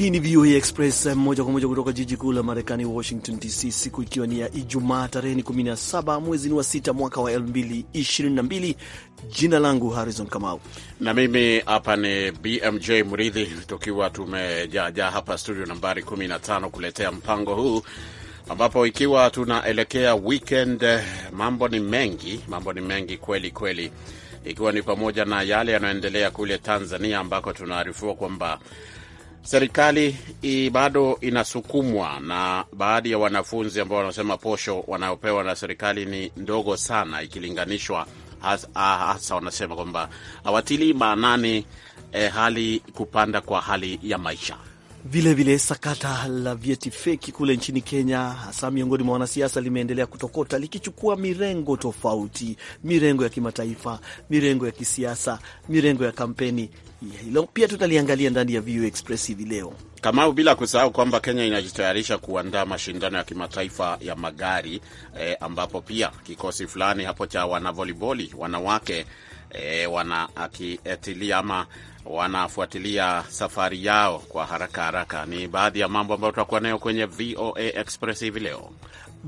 Hii ni VOA Express moja kwa moja kutoka jiji kuu la Marekani, Washington DC, siku ikiwa ni ya Ijumaa tarehe 17 mwezi wa 6 mwaka wa 2022. Jina langu Harrison Kamau na mimi hapa ni BMJ Mridhi, tukiwa tumejaajaa hapa studio nambari 15 kuletea mpango huu ambapo ikiwa tunaelekea weekend, mambo ni mengi, mambo ni mengi kweli kweli, ikiwa ni pamoja na yale yanayoendelea kule Tanzania ambako tunaarifiwa kwamba Serikali bado inasukumwa na baadhi ya wanafunzi ambao wanasema posho wanayopewa na serikali ni ndogo sana ikilinganishwa, ah, hasa wanasema kwamba hawatilii maanani eh, hali kupanda kwa hali ya maisha. Vilevile sakata la vyeti feki kule nchini Kenya, hasa miongoni mwa wanasiasa, limeendelea kutokota likichukua mirengo tofauti, mirengo ya kimataifa, mirengo ya kisiasa, mirengo ya kampeni. Hilo pia tutaliangalia ndani ya VU Express hivi leo, Kamau, bila kusahau kwamba Kenya inajitayarisha kuandaa mashindano ya kimataifa ya magari eh, ambapo pia kikosi fulani hapo cha wanavoliboli wanawake e, wanaatilia ama wanafuatilia safari yao kwa haraka haraka. Ni baadhi ya mambo ambayo tutakuwa nayo kwenye VOA Express hivi leo.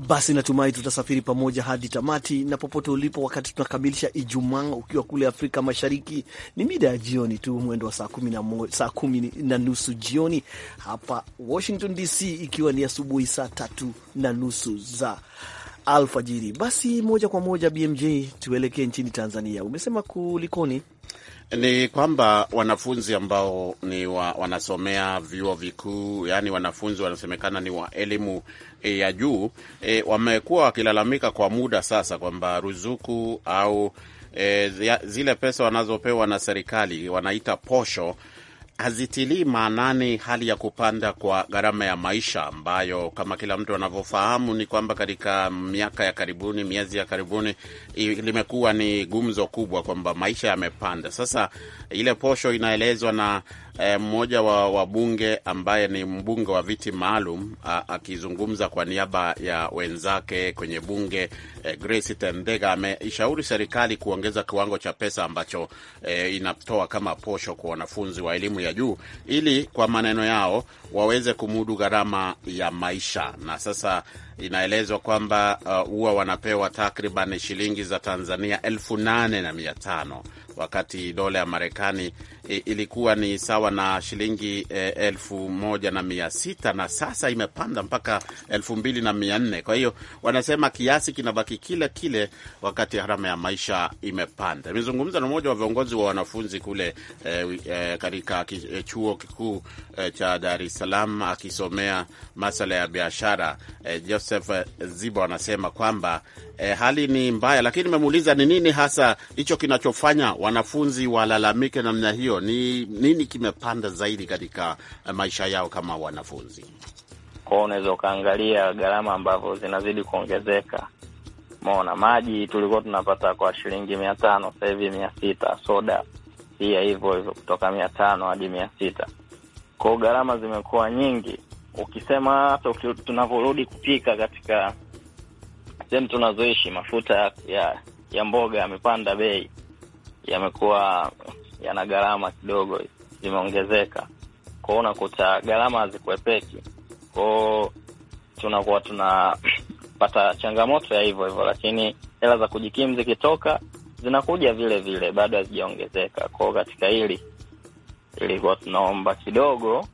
Basi natumai tutasafiri pamoja hadi tamati, na popote ulipo, wakati tunakamilisha Ijumaa ukiwa kule Afrika Mashariki ni mida ya jioni tu, mwendo wa saa kumi na saa kumi na nusu jioni hapa Washington DC, ikiwa ni asubuhi saa tatu na nusu za alfajiri. Basi moja kwa moja, BMJ, tuelekee nchini Tanzania. Umesema kulikoni? Ni kwamba wanafunzi ambao ni wa, wanasomea vyuo vikuu, yaani wanafunzi wanasemekana ni wa elimu e, ya juu e, wamekuwa wakilalamika kwa muda sasa kwamba ruzuku au e, zile pesa wanazopewa na serikali wanaita posho hazitilii maanani hali ya kupanda kwa gharama ya maisha ambayo kama kila mtu anavyofahamu ni kwamba katika miaka ya karibuni, miezi ya karibuni limekuwa ni gumzo kubwa kwamba maisha yamepanda. Sasa ile posho inaelezwa na Eh, mmoja wa wabunge ambaye ni mbunge wa viti maalum akizungumza kwa niaba ya wenzake kwenye bunge e, Grace Tendega ameishauri serikali kuongeza kiwango cha pesa ambacho e, inatoa kama posho kwa wanafunzi wa elimu ya juu ili kwa maneno yao waweze kumudu gharama ya maisha. Na sasa inaelezwa kwamba huwa uh, wanapewa takriban shilingi za Tanzania elfu nane na mia tano wakati dola ya Marekani e, ilikuwa ni sawa na shilingi eh, elfu moja na mia sita na sasa imepanda mpaka elfu mbili na mia nne Kwa hiyo wanasema kiasi kinabaki kile kile, wakati gharama ya maisha imepanda. Imezungumza na mmoja wa viongozi wa wanafunzi kule eh, eh, katika e, chuo kikuu eh, cha Dar es Salaam akisomea masala ya biashara eh, Joseph Zibo anasema kwamba eh, hali ni mbaya, lakini nimemuuliza ni nini hasa hicho kinachofanya wanafunzi walalamike namna hiyo. Ni nini kimepanda zaidi katika eh, maisha yao kama wanafunzi? Kwao unaweza ukaangalia gharama ambavyo zinazidi kuongezeka. mona maji tulikuwa tunapata kwa shilingi mia tano, sasa hivi mia sita. Soda pia hivyo hivyo, kutoka mia tano hadi mia sita. Kwao gharama zimekuwa nyingi, ukisema hata tunavyorudi kupika katika sehemu tunazoishi mafuta ya ya mboga yamepanda bei, yamekuwa yana gharama kidogo, zimeongezeka kwao, unakuta gharama hazikuepeki kwao, tunakuwa tunapata changamoto ya hivyo hivyo, lakini hela za kujikimu zikitoka zinakuja vile vile, bado hazijaongezeka kwao. Katika hili ilikuwa tunaomba kidogo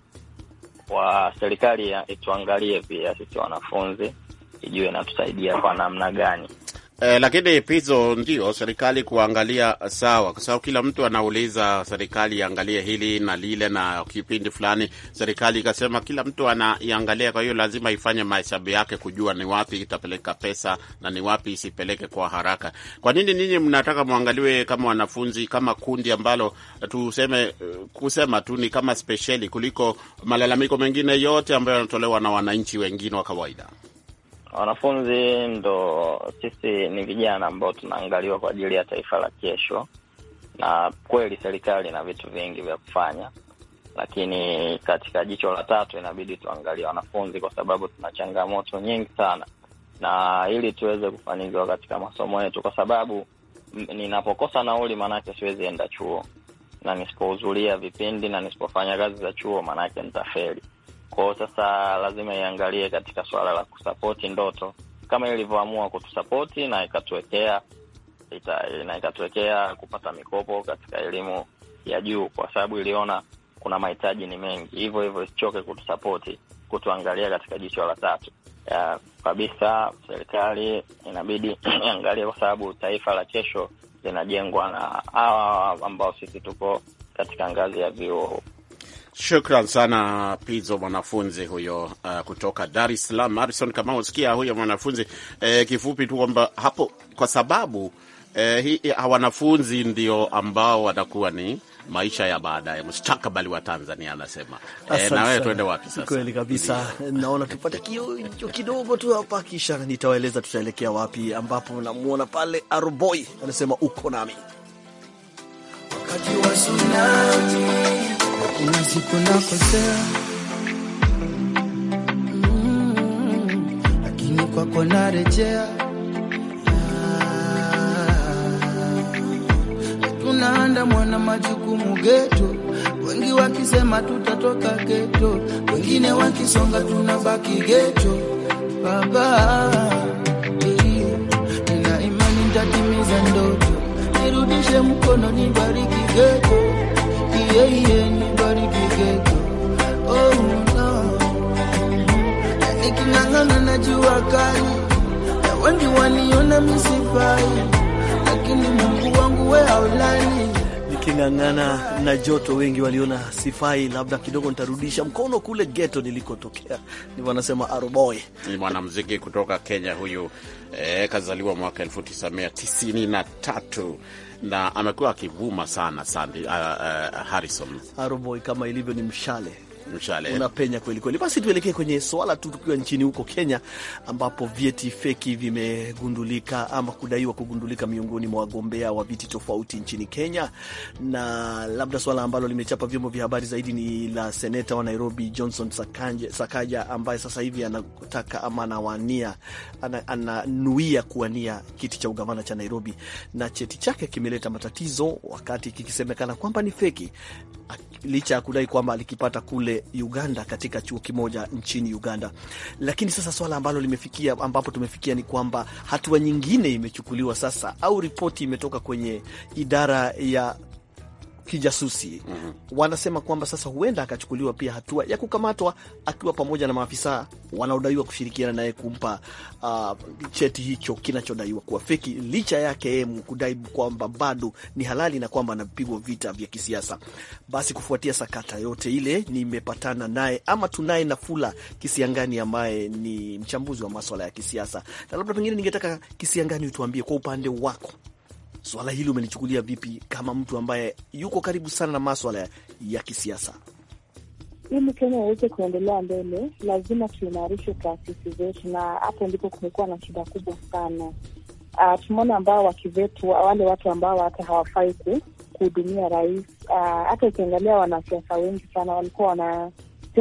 wa serikali ituangalie pia sisi wanafunzi ijue inatusaidia kwa namna gani. Eh, lakini pizo ndio serikali kuangalia sawa, kwa sababu kila mtu anauliza serikali iangalie hili na lile, na kipindi fulani serikali ikasema kila mtu anaiangalia. Kwa hiyo lazima ifanye mahesabu yake kujua ni wapi itapeleka pesa na ni wapi isipeleke kwa haraka. Kwa nini ninyi mnataka mwangaliwe kama wanafunzi, kama kundi ambalo tuseme, kusema tu ni kama spesheli kuliko malalamiko mengine yote ambayo yanatolewa na wananchi wengine wa kawaida? Wanafunzi ndo sisi, ni vijana ambao tunaangaliwa kwa ajili ya taifa la kesho, na kweli serikali ina vitu vingi vya kufanya, lakini katika jicho la tatu inabidi tuangalie wanafunzi, kwa sababu tuna changamoto nyingi sana, na ili tuweze kufanikiwa katika masomo yetu, kwa sababu ninapokosa nauli, maanake siwezi enda chuo, na nisipohudhuria vipindi na nisipofanya kazi za chuo, maanake nitafeli. Kwao sasa lazima iangalie katika suala la kusapoti ndoto kama ilivyoamua kutusapoti na ikatuwekea ita, na ikatuwekea kupata mikopo katika elimu ya juu, kwa sababu iliona kuna mahitaji ni mengi. Hivyo hivyo isichoke kutusapoti, kutuangalia katika jicho la tatu ya, kabisa. Serikali inabidi iangalie, kwa sababu taifa la kesho linajengwa na hawa ambao sisi tuko katika ngazi ya vyuo. Shukran sana Pizzo, mwanafunzi huyo uh, kutoka Dar es Salaam. Harrison, kama usikia huyo mwanafunzi eh, kifupi tu kwamba hapo kwa sababu eh, hi, wanafunzi ndio ambao watakuwa ni maisha ya baadaye, mustakabali wa Tanzania anasema. Eh, na wewe tuende wapi sasa? Kweli kabisa naona tupate kio kidogo tu hapa, kisha nitawaeleza tutaelekea wapi, ambapo namuona pale Arboy anasema uko nami wakati wa sunati kuna siku nakosea, mm, lakini kwako narejea, mwana majukumu geto wengi wakisema tutatoka geto, wengine wakisonga tunabaki geto. Baba, nina imani nitatimiza ndoto, nirudishe mkono nibariki geto. Yeah, yeah. Oh, Niking'ang'ana na joto, wengi waliona sifai, labda kidogo nitarudisha mkono kule geto nilikotokea. Ni wanasema Aroboy, ni mwanamuziki kutoka Kenya huyu. E, kazaliwa mwaka 1993 na amekuwa akivuma sana sandi, uh, uh, Harrison Aroboi kama ilivyo ni mshale Mshale. Unapenya kweli kweli. Basi tuelekee kwenye swala tu, tukiwa nchini huko Kenya ambapo vyeti feki vimegundulika ama kudaiwa kugundulika miongoni mwa wagombea wa viti tofauti nchini Kenya, na labda swala ambalo limechapa vyombo vya habari zaidi ni la seneta wa Nairobi Johnson Sakanje, Sakaja ambaye sasa hivi anataka ama anawania ana, kuwania kiti cha ugavana cha Nairobi, na cheti chake kimeleta matatizo wakati kikisemekana kwamba ni feki licha ya kudai kwamba alikipata kule Uganda, katika chuo kimoja nchini Uganda. Lakini sasa swala ambalo limefikia, ambapo tumefikia ni kwamba hatua nyingine imechukuliwa sasa, au ripoti imetoka kwenye idara ya kijasusi mm -hmm. Wanasema kwamba sasa huenda akachukuliwa pia hatua ya kukamatwa akiwa pamoja na maafisa wanaodaiwa kushirikiana naye kumpa uh, cheti hicho kinachodaiwa kuwa feki, licha yake yeye kudai kwamba bado ni halali na kwamba anapigwa vita vya kisiasa. Basi kufuatia sakata yote ile, nimepatana naye ama tunaye Nafula Kisiangani ambaye ni mchambuzi wa maswala ya kisiasa, na labda pengine ningetaka Kisiangani utuambie kwa upande wako swala hili umelichukulia vipi, kama mtu ambaye yuko karibu sana na maswala ya kisiasa? Ili Kenya iweze kuendelea mbele, lazima tuimarishe taasisi zetu, na hapo ndipo kumekuwa na shida kubwa sana. Uh, tumeona ambao wakivetu wale watu ambao hata hawafai kuhudumia rais. Uh, hata ukiangalia wanasiasa wengi sana walikuwa wana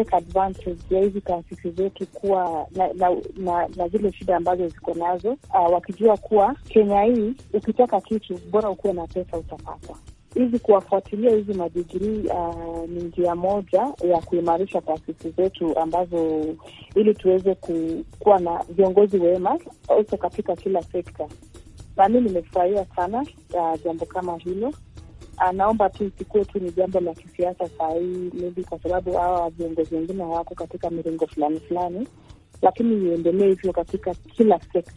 take advantage ya hizi taasisi zetu kuwa na, na, na, na zile shida ambazo ziko nazo uh, wakijua kuwa Kenya hii ukitaka kitu bora ukuwe na pesa utapata hizi kuwafuatilia hizi madigrii uh, ah, ni njia moja ya kuimarisha taasisi zetu ambazo, ili tuweze ku, kuwa na viongozi wema uso katika kila sekta. Na mi nimefurahia sana uh, jambo kama hilo Anaomba ah, tu isikuwe tu ni jambo la kisiasa saa hii, maybe kwa sababu hawa viongozi wengine hawako katika mirengo fulani fulani, lakini iendelee hivyo katika kila sekta.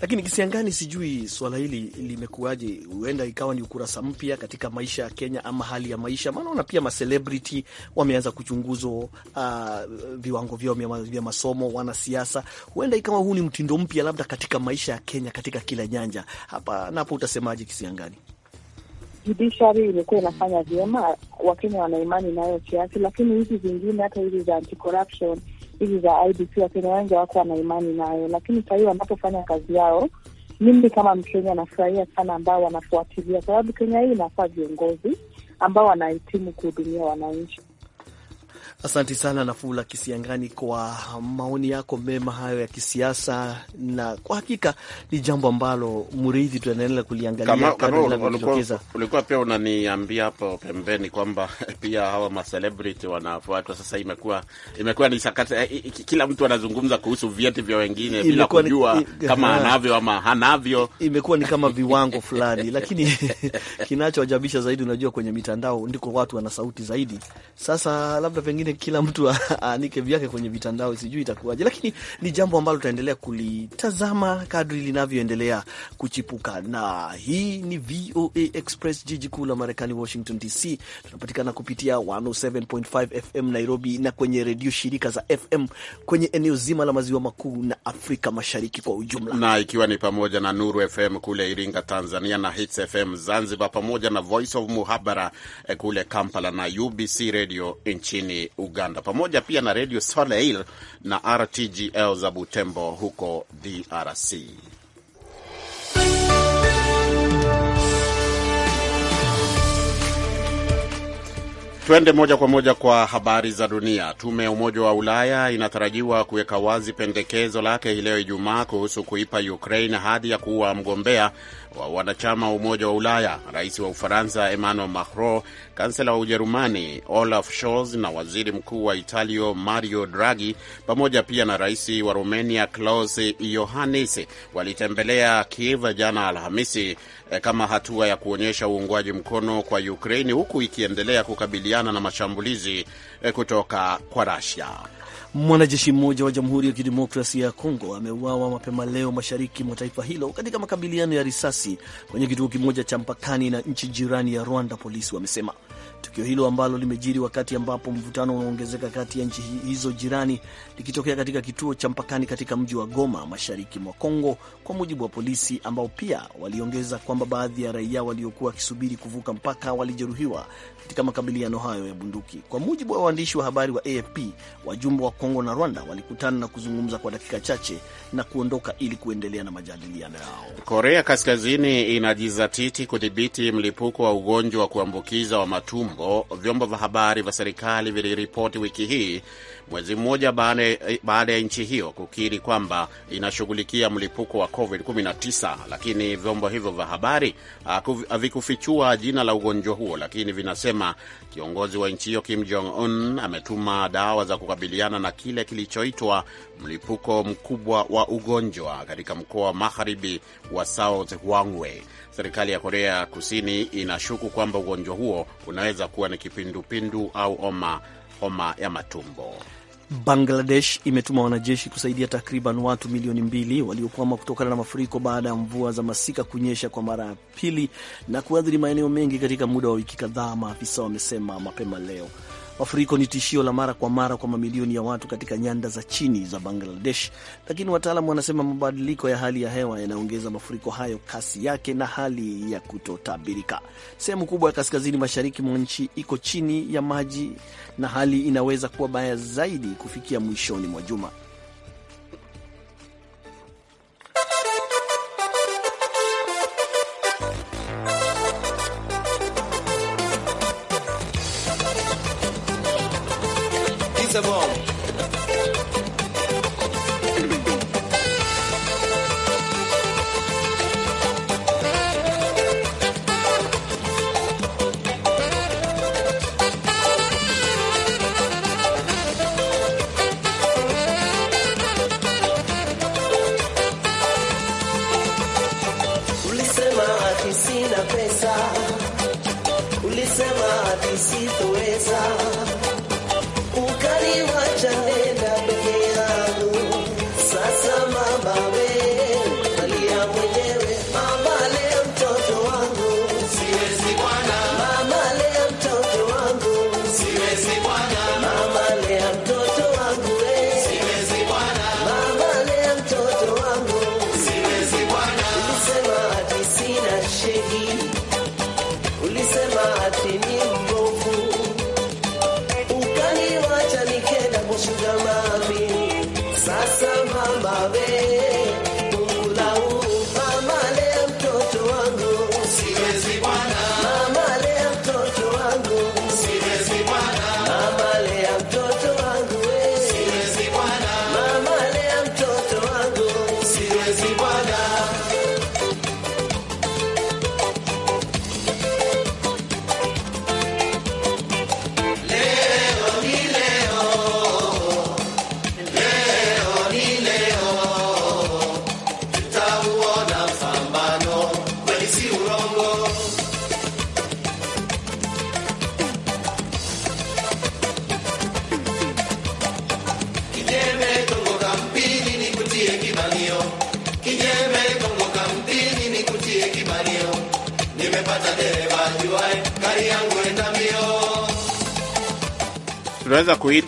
Lakini Kisiangani, sijui swala hili limekuwaje, huenda ikawa ni ukurasa mpya katika maisha ya Kenya ama hali ya maisha. Maana naona pia macelebrity wameanza kuchunguzwa, uh, viwango vyao vya masomo, wanasiasa. Huenda ikawa huu ni mtindo mpya labda katika maisha ya Kenya katika kila nyanja. Hapa napo utasemaje, Kisiangani? judiciary imekuwa inafanya vyema, Wakenya wana imani nayo kiasi, lakini hizi zingine, hata hizi za anti-corruption, hizi za IBC, Wakenya wengi wako wana imani nayo, lakini saa hii wanapofanya kazi yao, mimi kama Mkenya nafurahia sana ambao wanafuatilia, sababu Kenya hii inafaa viongozi ambao wanahitimu kuhudumia wananchi. Asanti sana Nafula Kisiangani kwa maoni yako mema hayo ya kisiasa, na kwa hakika ni jambo ambalo Mridhi tunaendelea kuliangalia. Ulikuwa pia unaniambia hapo pembeni kwamba pia hawa macelebrity wanafuatwa sasa. Imekuwa imekuwa ni sakata, eh, kila mtu anazungumza kuhusu vyeti vya wengine bila kujua ni, kama anavyo ama hanavyo. Imekuwa ni kama viwango fulani, lakini kinachoajabisha zaidi, unajua kwenye mitandao ndiko watu wana sauti zaidi. Sasa labda pengine Yaani kila mtu aanike vyake kwenye vitandao, sijui itakuwaje, lakini ni jambo ambalo tutaendelea kulitazama kadri linavyoendelea kuchipuka. Na hii ni VOA Express, jiji kuu la Marekani, Washington DC. Tunapatikana kupitia 107.5 FM Nairobi na kwenye redio shirika za FM kwenye eneo zima la maziwa makuu na Afrika Mashariki kwa ujumla, na ikiwa ni pamoja na Nuru FM kule Iringa, Tanzania, na Hits FM Zanzibar, pamoja na Voice of Muhabara eh, kule Kampala na UBC Radio nchini Uganda, pamoja pia na Radio Soleil na RTGL za Butembo huko DRC. Tuende moja kwa moja kwa habari za dunia. Tume ya Umoja wa Ulaya inatarajiwa kuweka wazi pendekezo lake hii leo Ijumaa kuhusu kuipa Ukraine hadi ya kuwa mgombea wa wanachama wa Umoja wa Ulaya, rais wa Ufaransa Emmanuel Macron, kansela wa Ujerumani Olaf Scholz na waziri mkuu wa Italio Mario Draghi, pamoja pia na rais wa Romania Klaus Iohannis walitembelea Kiev jana Alhamisi eh, kama hatua ya kuonyesha uungwaji mkono kwa Ukraini huku ikiendelea kukabiliana na mashambulizi eh, kutoka kwa Rusia. Mwanajeshi mmoja wa Jamhuri ya Kidemokrasia ya Kongo ameuawa mapema leo mashariki mwa taifa hilo katika makabiliano ya risasi kwenye kituo kimoja cha mpakani na nchi jirani ya Rwanda, polisi wamesema. Tukio hilo ambalo limejiri wakati ambapo mvutano unaongezeka kati ya nchi hizo jirani likitokea katika kituo cha mpakani katika mji wa Goma, mashariki mwa Kongo, kwa mujibu wa polisi, ambao pia waliongeza kwamba baadhi ya raia waliokuwa wakisubiri kuvuka mpaka walijeruhiwa katika makabiliano hayo ya bunduki. Kwa mujibu wa waandishi wa habari wa AFP, wajumbe wa Kongo na Rwanda walikutana na kuzungumza kwa dakika chache na kuondoka ili kuendelea na majadiliano yao. Korea Kaskazini inajizatiti kudhibiti mlipuko wa ugonjwa wa kuambukiza wa matumbo vyombo vya habari vya serikali viliripoti wiki hii mwezi mmoja baada ya nchi hiyo kukiri kwamba inashughulikia mlipuko wa COVID-19, lakini vyombo hivyo vya habari ah, havikufichua jina la ugonjwa huo, lakini vinasema kiongozi wa nchi hiyo Kim Jong Un ametuma dawa za kukabiliana na kile kilichoitwa mlipuko mkubwa wa ugonjwa katika mkoa wa magharibi wa South Hwanghae. Serikali ya Korea Kusini inashuku kwamba ugonjwa huo unaweza kuwa ni kipindupindu au oma homa ya matumbo. Bangladesh imetuma wanajeshi kusaidia takriban watu milioni mbili waliokwama kutokana na mafuriko baada ya mvua za masika kunyesha kwa mara ya pili na kuathiri maeneo mengi katika muda wa wiki kadhaa, maafisa wamesema mapema leo. Mafuriko ni tishio la mara kwa mara kwa mamilioni ya watu katika nyanda za chini za Bangladesh, lakini wataalamu wanasema mabadiliko ya hali ya hewa yanaongeza mafuriko hayo kasi yake na hali ya kutotabirika. Sehemu kubwa ya kaskazini mashariki mwa nchi iko chini ya maji na hali inaweza kuwa baya zaidi kufikia mwishoni mwa juma. necesito esa.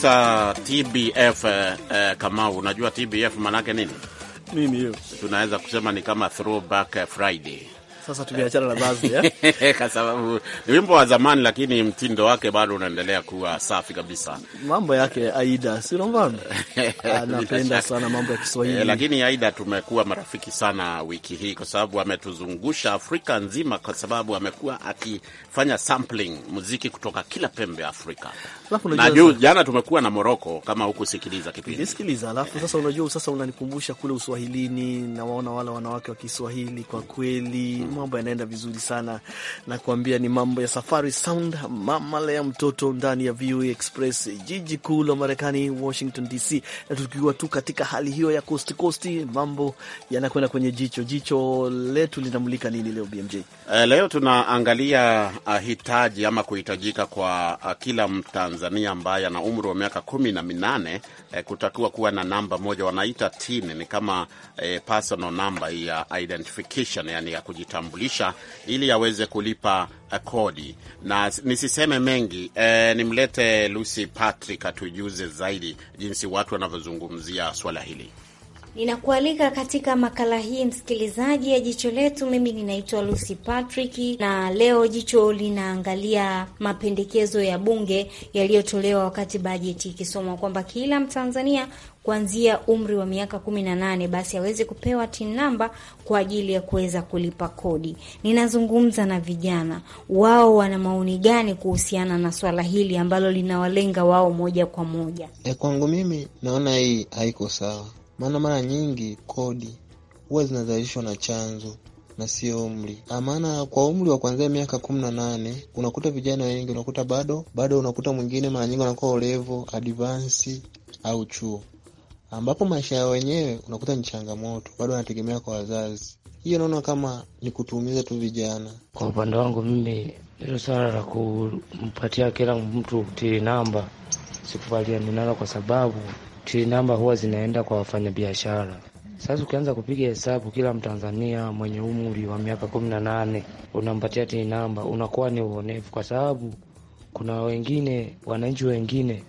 tunaita TBF eh, eh, Kamau, unajua TBF maanake nini? Mimi hiyo? Tunaweza kusema ni kama throwback eh, Friday sasa tumeachana na baadhi eh? kwa sababu ni wimbo wa zamani, lakini mtindo wake bado unaendelea kuwa safi kabisa. Mambo yake Aida Silomban anapenda sana mambo ya Kiswahili eh, lakini Aida tumekuwa marafiki sana wiki hii kwa sababu ametuzungusha Afrika nzima, kwa sababu amekuwa akifanya sampling muziki kutoka kila pembe ya Afrika. Na juu jana tumekuwa na Moroko, kama huku sikiliza kipindi, nisikiliza. Alafu sasa unajua, sasa unanikumbusha kule Uswahilini, nawaona wale wanawake wa Kiswahili kwa kweli mambo yanaenda vizuri sana na kuambia, ni mambo ya Safari Sound, mama lea mtoto ndani ya VOA Express, jiji kuu la Marekani, Washington DC. Na tukiwa tu katika hali hiyo ya kosti mambo yanakwenda kwenye jicho. Jicho letu linamulika nini leo, BMJ? Uh, eh, leo tunaangalia uh, hitaji ama kuhitajika kwa uh, kila Mtanzania ambaye ana umri wa miaka kumi na minane uh, kutakiwa kuwa na namba moja wanaita TIN, ni kama uh, personal number ya identification, yani ya kujitambua kujitambulisha ili aweze kulipa eh, kodi. Na nisiseme mengi e, nimlete Lucy Patrick atujuze zaidi jinsi watu wanavyozungumzia swala hili. Ninakualika katika makala hii msikilizaji, ya jicho letu. Mimi ninaitwa Lucy Patrick, na leo jicho linaangalia mapendekezo ya bunge yaliyotolewa wakati bajeti ikisomwa kwamba kila Mtanzania kuanzia umri wa miaka 18 basi aweze kupewa TIN namba kwa ajili ya kuweza kulipa kodi. Ninazungumza na vijana, wao wana maoni gani kuhusiana na swala hili ambalo linawalenga wao moja kwa moja? E, kwangu mimi naona hii haiko sawa maana mara nyingi kodi huwa zinazalishwa na chanzo na sio umri. Ah, maana kwa umri wa kuanzia miaka kumi na nane unakuta vijana wengi unakuta bado bado unakuta mwingine mara nyingi anakuwa olevo advansi au chuo, ambapo maisha yao wenyewe unakuta ni changamoto, bado anategemea kwa wazazi. Hiyo naona kama ni kutuumiza tu vijana. Kwa upande wangu mimi, hilo swala la kumpatia kila mtu tili namba sikubaliani nalo, kwa sababu Till namba huwa zinaenda kwa wafanyabiashara. Sasa ukianza kupiga hesabu, kila Mtanzania mwenye umri wa miaka kumi na nane unampatia till namba, unakuwa ni uonevu, kwa sababu kuna wengine, wananchi wengine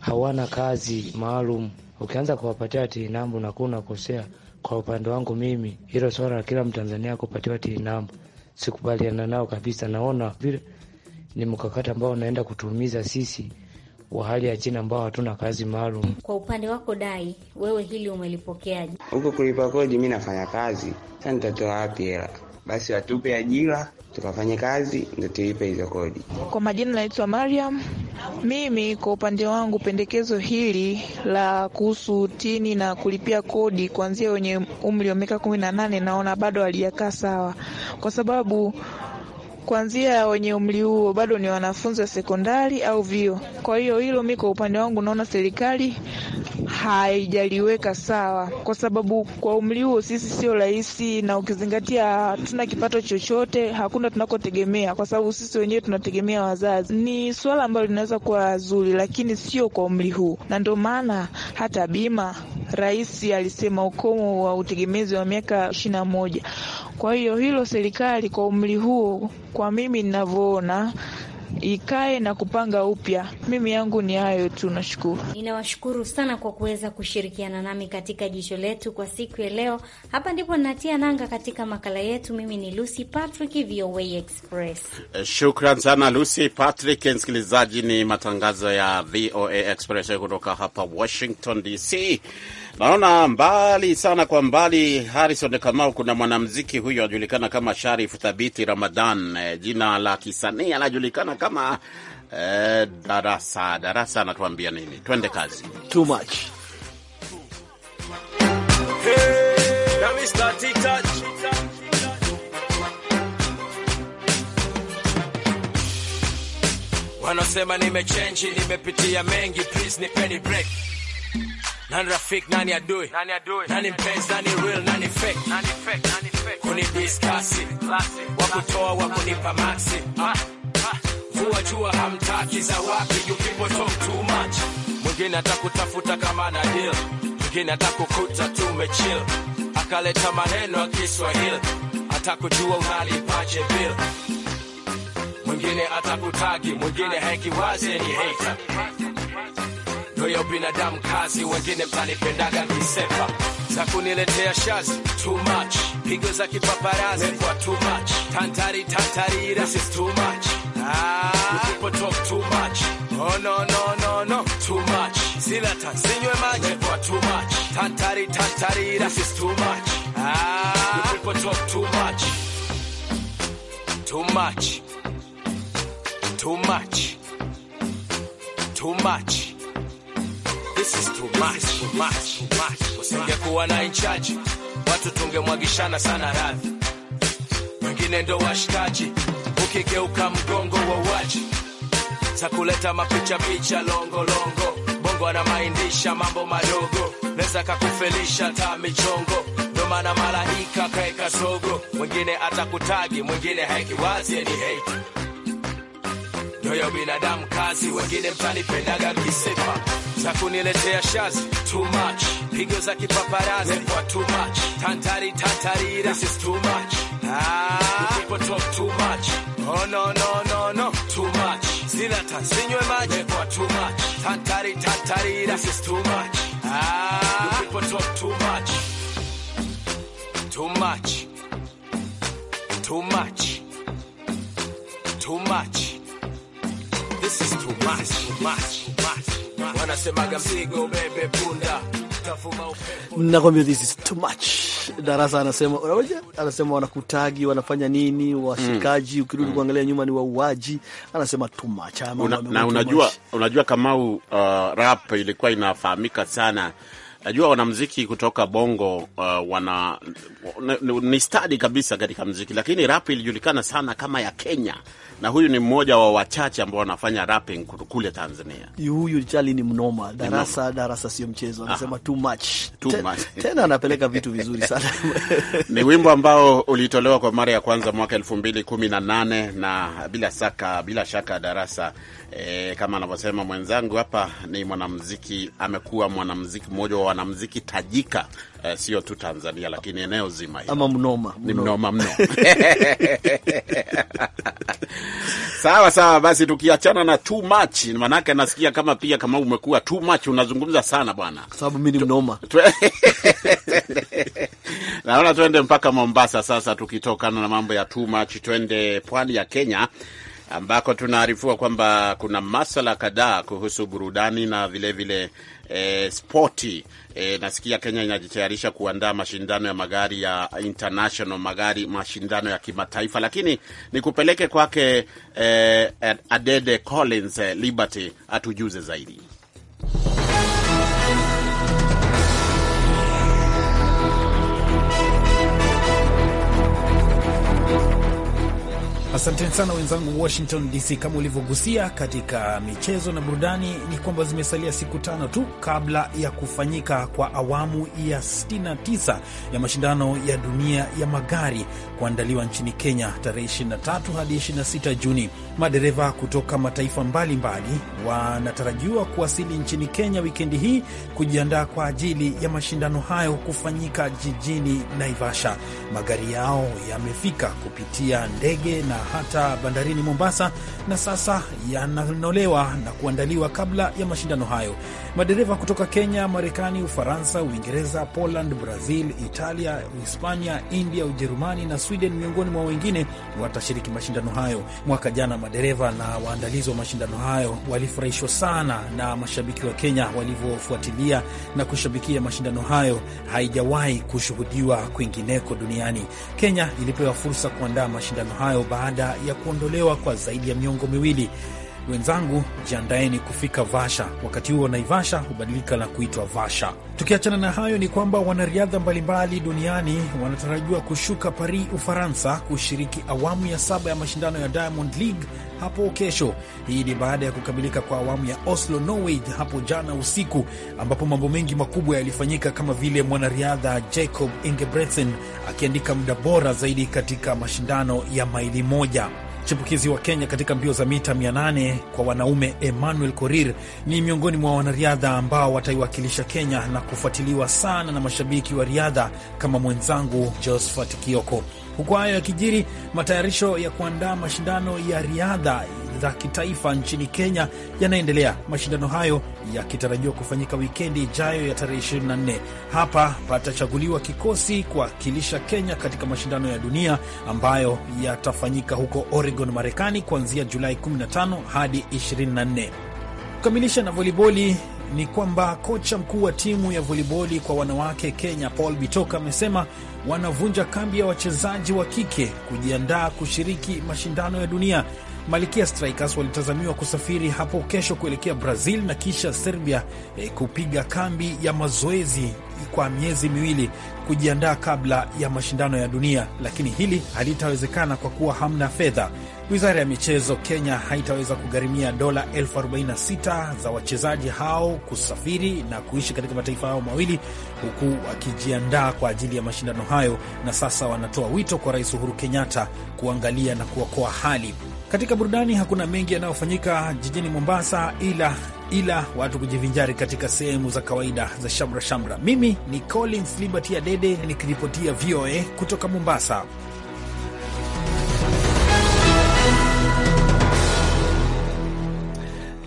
hawana kazi maalum. Ukianza kuwapatia till namba unakuwa unakosea. Kwa upande wangu mimi, hilo swala la kila Mtanzania kupatiwa till namba sikubaliana nao kabisa. Naona vile ni mkakati ambao unaenda kutuumiza sisi wa hali ya chini ambao hatuna kazi maalum. Kwa upande wako Dai, wewe hili umelipokeaje? Huko kulipa kodi, mi nafanya kazi sasa, nitatoa wapi hela? Basi watupe ajira tukafanye kazi ndo tulipe hizo kodi. Kwa majina naitwa Mariam. Mimi kwa upande wangu pendekezo hili la kuhusu tini na kulipia kodi kuanzia wenye umri wa miaka kumi na nane naona bado halijakaa sawa, kwa sababu kuanzia wenye umri huo bado ni wanafunzi wa sekondari au vio Kwa hiyo hilo mi kwa upande wangu naona serikali haijaliweka sawa, kwa sababu kwa umri huo sisi sio rahisi, na ukizingatia hatuna kipato chochote, hakuna tunakotegemea, kwa sababu sisi wenyewe tunategemea wazazi. Ni suala ambalo linaweza kuwa zuri, lakini sio kwa umri huu, na ndio maana hata bima, Rais alisema ukomo wa utegemezi wa miaka ishirini na moja. Kwa hiyo hilo serikali kwa umri huo, kwa mimi ninavyoona ikae na kupanga upya. Mimi yangu ni hayo tu, nashukuru. Ninawashukuru sana kwa kuweza kushirikiana nami katika jicho letu kwa siku ya leo. Hapa ndipo ninatia nanga katika makala yetu. Mimi ni Lucy Patrick, VOA Express. Eh, shukran sana Lucy Patrick. Msikilizaji, ni matangazo ya VOA Express kutoka hapa Washington DC. Naona mbali sana kwa mbali, Harrison Kamau, kuna mwanamziki huyo anajulikana kama Sharif Thabiti Ramadan, e, jina la kisanii anajulikana kama eh, Darasa. Darasa anatuambia nini? Twende kazi. Too much. Hey, wanasema nimechenji, nimepitia mengi, please nipeni break nani rafiki, nani adui, nani mpenzi, nani real, nani fake, nani fake, nani fake, kuni discuss wakutoa wakunipa maxi vua jua hamtaki za wapi, you people talk too much. Mwingine atakutafuta kama na deal, mwingine atakukuta tumechill, akaleta maneno ya Kiswahili, atakujua unalipaje bill mwingine atakutagi, mwingine hekiwazi ni hater Roho binadamu kazi, wengine panipendaga kisepa za kuniletea shazi too much, pigo za kipaparazi kwa too much, tantari tantari, this is too much, ah, people talk too much, no oh, no no no no too much, sila tansinywe maji kwa too much, tantari tantari, this is too much, ah, people talk too much, too much, too much, too much This is too much, too much, too much. Usingekuwa na charge, watu tungemwagishana sana radhi, wengine ndo washikaji, ukigeuka mgongo wauaji, za kuleta mapicha picha longo. bongo anamaindisha mambo madogo, neza kakufelisha ta michongo, ndo maana malaika kaeka sogo, mwingine atakutagi, mwingine haikiwazi ni hate nyoyo binadamu kazi, wengine mtanipendaga kisepa za kuniletea shazi too much, pigo za kipaparazi kwa too much, tantari tantari, this is too much ah, people talk too much, oh no no no no too much, silata sinywe maji kwa too much, tantari tantari, this is too much ah, people talk too much, too much, too much, too much This is too much, too much, too much. Wanasemaga mzigo bebe punda Nakwambia this is too much. Darasa anasema unaoja, anasema wanakutagi wanafanya nini hmm. washikaji, mm. ukirudi mm. kuangalia nyuma ni wauaji. Anasema too much. Una, na unajua, unajua Kamau, uh, rap ilikuwa inafahamika sana najua wanamziki kutoka Bongo uh, wana ni stadi kabisa katika mziki, lakini rap ilijulikana sana kama ya Kenya, na huyu ni mmoja wa wachache ambao wanafanya rapping kule Tanzania. Huyu chali ni mnoma, darasa mnoma. Darasa sio mchezo, anasema too much, too Ten, much. Tena anapeleka vitu vizuri sana ni wimbo ambao ulitolewa kwa mara ya kwanza mwaka elfu mbili kumi na nane na bila saka bila shaka darasa E, kama anavyosema mwenzangu hapa ni mwanamziki amekuwa mwanamziki mmoja wa wanamziki tajika e, sio tu Tanzania lakini eneo zima hilo. Ama mnoma, ni mnoma mno sawa sawa. Basi tukiachana na too much, maanake nasikia kama pia kama umekuwa too much, unazungumza sana bwana, kwa sababu mimi ni mnoma naona tuende mpaka Mombasa sasa, tukitokana na mambo ya too much, twende pwani ya Kenya ambako tunaarifua kwamba kuna maswala kadhaa kuhusu burudani na vilevile vile, e, spoti e, nasikia Kenya inajitayarisha kuandaa mashindano ya magari ya international magari, mashindano ya kimataifa, lakini ni kupeleke kwake e, Adede Collins e, Liberty atujuze zaidi. Asanteni sana wenzangu Washington DC. Kama ulivyogusia katika michezo na burudani, ni kwamba zimesalia siku tano tu kabla ya kufanyika kwa awamu ya 69 ya mashindano ya dunia ya magari kuandaliwa nchini Kenya tarehe 23 hadi 26 Juni. Madereva kutoka mataifa mbalimbali wanatarajiwa kuwasili nchini Kenya wikendi hii kujiandaa kwa ajili ya mashindano hayo kufanyika jijini Naivasha. Magari yao yamefika kupitia ndege na hata bandarini Mombasa, na sasa yananolewa na kuandaliwa kabla ya mashindano hayo. Madereva kutoka Kenya, Marekani, Ufaransa, Uingereza, Poland, Brazil, Italia, Hispania, India, Ujerumani na Sweden miongoni mwa wengine watashiriki mashindano hayo. Mwaka jana madereva na waandalizi wa mashindano hayo walifurahishwa sana na mashabiki wa Kenya walivyofuatilia na kushabikia mashindano hayo, haijawahi kushuhudiwa kwingineko duniani. Kenya ilipewa fursa kuandaa mashindano hayo baada baada ya kuondolewa kwa zaidi ya miongo miwili wenzangu, jiandaeni kufika Vasha. Wakati huo Naivasha hubadilika na kuitwa Vasha. Tukiachana na hayo, ni kwamba wanariadha mbalimbali duniani wanatarajiwa kushuka Paris, Ufaransa, kushiriki awamu ya saba ya mashindano ya Diamond League hapo kesho. Hii ni baada ya kukamilika kwa awamu ya Oslo, Norway hapo jana usiku, ambapo mambo mengi makubwa yalifanyika kama vile mwanariadha Jacob ingebretsen akiandika muda bora zaidi katika mashindano ya maili moja. Chipukizi wa Kenya katika mbio za mita 800 kwa wanaume, Emmanuel Korir ni miongoni mwa wanariadha ambao wataiwakilisha Kenya na kufuatiliwa sana na mashabiki wa riadha kama mwenzangu Josephat Kioko. Huku hayo yakijiri, matayarisho ya kuandaa mashindano ya riadha za kitaifa nchini Kenya yanaendelea, mashindano hayo yakitarajiwa kufanyika wikendi ijayo ya tarehe 24. Hapa patachaguliwa kikosi kuwakilisha Kenya katika mashindano ya dunia ambayo yatafanyika huko Oregon, Marekani, kuanzia Julai 15 hadi 24. Kukamilisha na voliboli ni kwamba kocha mkuu wa timu ya voliboli kwa wanawake Kenya Paul Bitoka amesema wanavunja kambi ya wachezaji wa kike kujiandaa kushiriki mashindano ya dunia. Malkia Strikers walitazamiwa kusafiri hapo kesho kuelekea Brazil na kisha Serbia eh, kupiga kambi ya mazoezi kwa miezi miwili kujiandaa kabla ya mashindano ya dunia, lakini hili halitawezekana kwa kuwa hamna fedha. Wizara ya michezo Kenya haitaweza kugharimia dola 46 za wachezaji hao kusafiri na kuishi katika mataifa yao mawili huku wakijiandaa kwa ajili ya mashindano hayo, na sasa wanatoa wito kwa Rais Uhuru Kenyatta kuangalia na kuokoa hali. Katika burudani, hakuna mengi yanayofanyika jijini Mombasa ila ila watu kujivinjari katika sehemu za kawaida za shamra shamra. Mimi ni Collins Liberty Adede nikiripotia VOA kutoka Mombasa.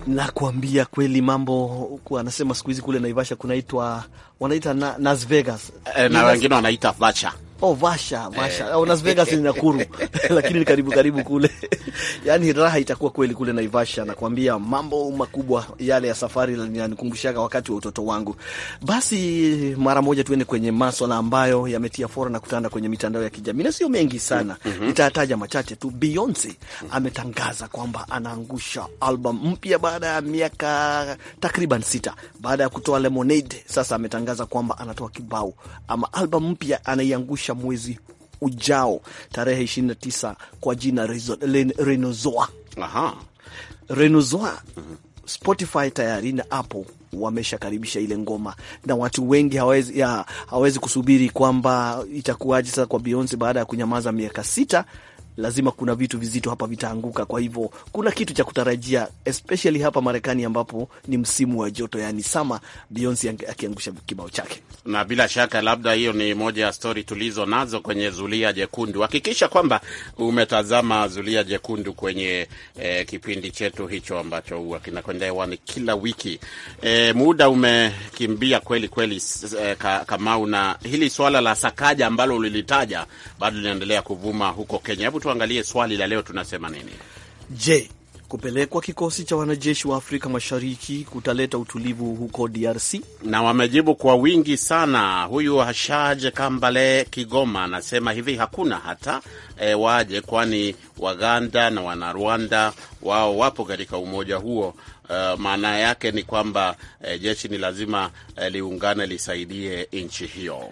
nakuambia kweli mambo, anasema siku hizi kule Naivasha kunaitwa wanaita na, Las Vegas, e, na wengine wanaita Vacha Oh, Vasha, Vasha. Eh. Oh, Las Vegas ni Nakuru lakini ni karibu karibu kule. Yaani raha itakuwa kweli kule Naivasha, nakwambia mambo makubwa yale ya safari yananikumbushaga wakati wa utoto wangu. Basi mara moja tuende kwenye maswala ambayo yametia fora na kutanda kwenye mitandao ya kijamii na sio mengi sana. Mm -hmm. Nitataja machache tu. Beyonce ametangaza kwamba anaangusha album mpya baada ya miaka takriban sita baada ya kutoa Lemonade. Sasa ametangaza kwamba anatoa kibao ama album mpya anaiangusha cha mwezi ujao tarehe 29 kwa jina Renozoa. Aha. Renozoa. Spotify tayari na Apple wameshakaribisha ile ngoma na watu wengi hawezi ya, hawezi kusubiri kwamba itakuwaje sasa kwa Beyonce baada ya kunyamaza miaka sita lazima kuna vitu vizito hapa vitaanguka. Kwa hivyo kuna kitu cha kutarajia, especially hapa Marekani ambapo ni msimu wa joto, yani sama, Beyonce akiangusha kibao chake. Na bila shaka, labda hiyo ni moja ya stori tulizo nazo kwenye Zulia Jekundu. Hakikisha kwamba umetazama Zulia Jekundu kwenye eh, kipindi chetu hicho ambacho huwa kinakwenda hewani kila wiki. Eh, muda umekimbia kweli kweli, eh, Kamau, na hili swala la Sakaja ambalo ulilitaja bado linaendelea kuvuma huko Kenya. Hebu tuangalie swali la leo, tunasema nini? Je, kupelekwa kikosi cha wanajeshi wa Afrika Mashariki kutaleta utulivu huko DRC? Na wamejibu kwa wingi sana. Huyu Hashaj Kambale Kigoma anasema hivi, hakuna hata e, waje, kwani Waganda na Wanarwanda wao wapo katika umoja huo. Uh, maana yake ni kwamba uh, jeshi ni lazima uh, liungane lisaidie nchi hiyo.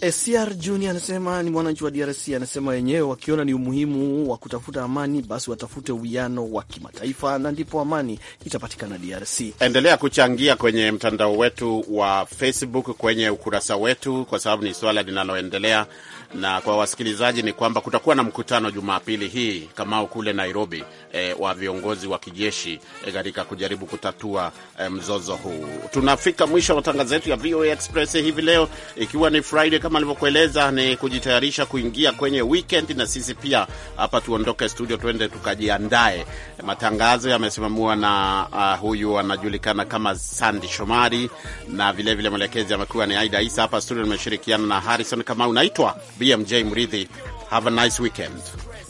SCR Junior anasema ni mwananchi wa DRC, anasema wenyewe wakiona ni umuhimu wa kutafuta amani, basi watafute uwiano wa kimataifa na ndipo amani itapatikana DRC. Endelea kuchangia kwenye mtandao wetu wa Facebook, kwenye ukurasa wetu, kwa sababu ni swala linaloendelea. Na kwa wasikilizaji ni kwamba kutakuwa na mkutano Jumapili hii kama kule Nairobi, eh, wa viongozi wa kijeshi e, katika eh, kujaribu kutatua eh, mzozo huu. Tunafika mwisho wa matangazo yetu ya VOA Express hivi leo, ikiwa ni Friday kama alivyokueleza ni kujitayarisha kuingia kwenye weekend, na sisi pia hapa tuondoke studio tuende tukajiandae. Matangazo yamesimamiwa na uh, huyu anajulikana kama Sandi Shomari, na vilevile mwelekezi amekuwa ni Aida Isa. Hapa studio nimeshirikiana na Harrison Kamau. Naitwa BMJ Mridhi. Have a nice weekend.